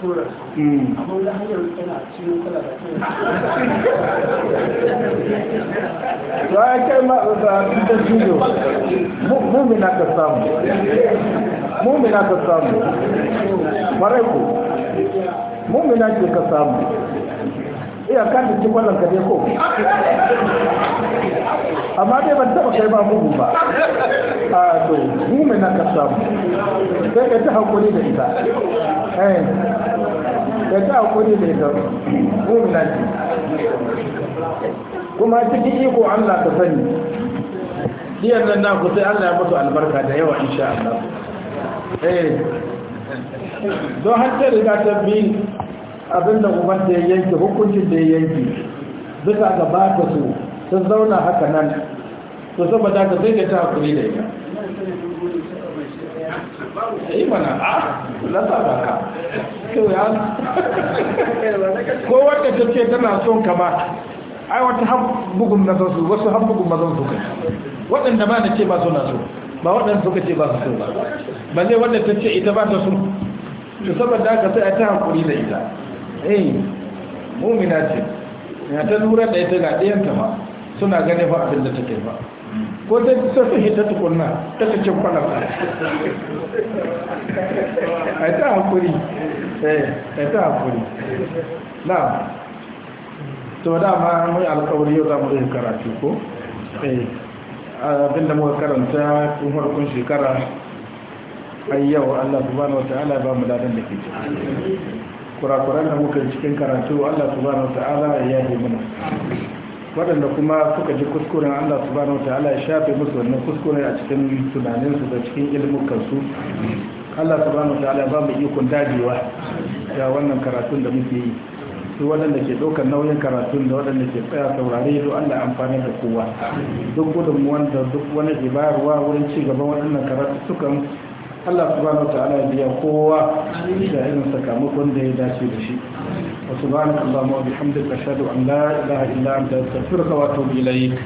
Speaker 2: tura su hmm. amma hanyar cikin da to ai kai da samu
Speaker 1: mumina ka samu mare ku samu iya ka ta ci kwallon ka ko amma dai ban taba kai ba mugu ba a to ni mai na ka samu sai ka ta hakuri da ita eh ka ta hakuri da ita Mun na ji kuma cikin iko Allah ka sani diyan nan na ku sai Allah ya mutu albarka da yawa insha Allah
Speaker 2: eh don har da
Speaker 1: riga ta bi abinda kuma da ya yanke hukuncin da ya yanke duka ga ba ta su sun zauna haka nan to saboda ka sai ka ta hakuri da ita
Speaker 2: yi mana a lasa ba ka ko wadda ta ce tana son ka ba
Speaker 1: ai wata bugun mazan su wasu bugun mazan su kai waɗanda ba na ce ba suna so ba waɗanda suka ce ba su so ba ba zai wanda ta ce ita ba ta so to saboda ka sai a ta hakuri da ita eh mumina ce ya ta lura da ita ga ɗiyanta ma suna gane ba abin da take ba ko ta ta fi hita tukunna ta ta cin kwanar
Speaker 2: a ta hankuri
Speaker 1: eh a ta hankuri na to an mai alkawari yau za mu zai karatu ko eh da muka karanta tun farkon shekara ayyau yau Allah subhanahu ta'ala ba mu dadan da ke kurakuran da muka cikin karatu Allah subhanahu ta'ala ya yafe mana waɗanda kuma suka ji kuskuren Allah subhanahu ta'ala ya shafe musu wannan kuskuren a cikin tunaninsu da cikin ilmukansu Allah subhanahu ta'ala ba mu ikon dajewa ga wannan karatun da muke yi su waɗanda ke ɗaukar nauyin karatun da waɗanda ke tsaya saurare su Allah amfani da kowa duk gudunmu wanda duk wani ibarwa wurin ci gaban waɗannan karatu sukan Allah subhanahu wa ta'ala biya kowa da irin sakamakon da ya dace da shi wa subhanaka allahumma wa bihamdika ashhadu an la ilaha illa anta astaghfiruka wa atubu ilayk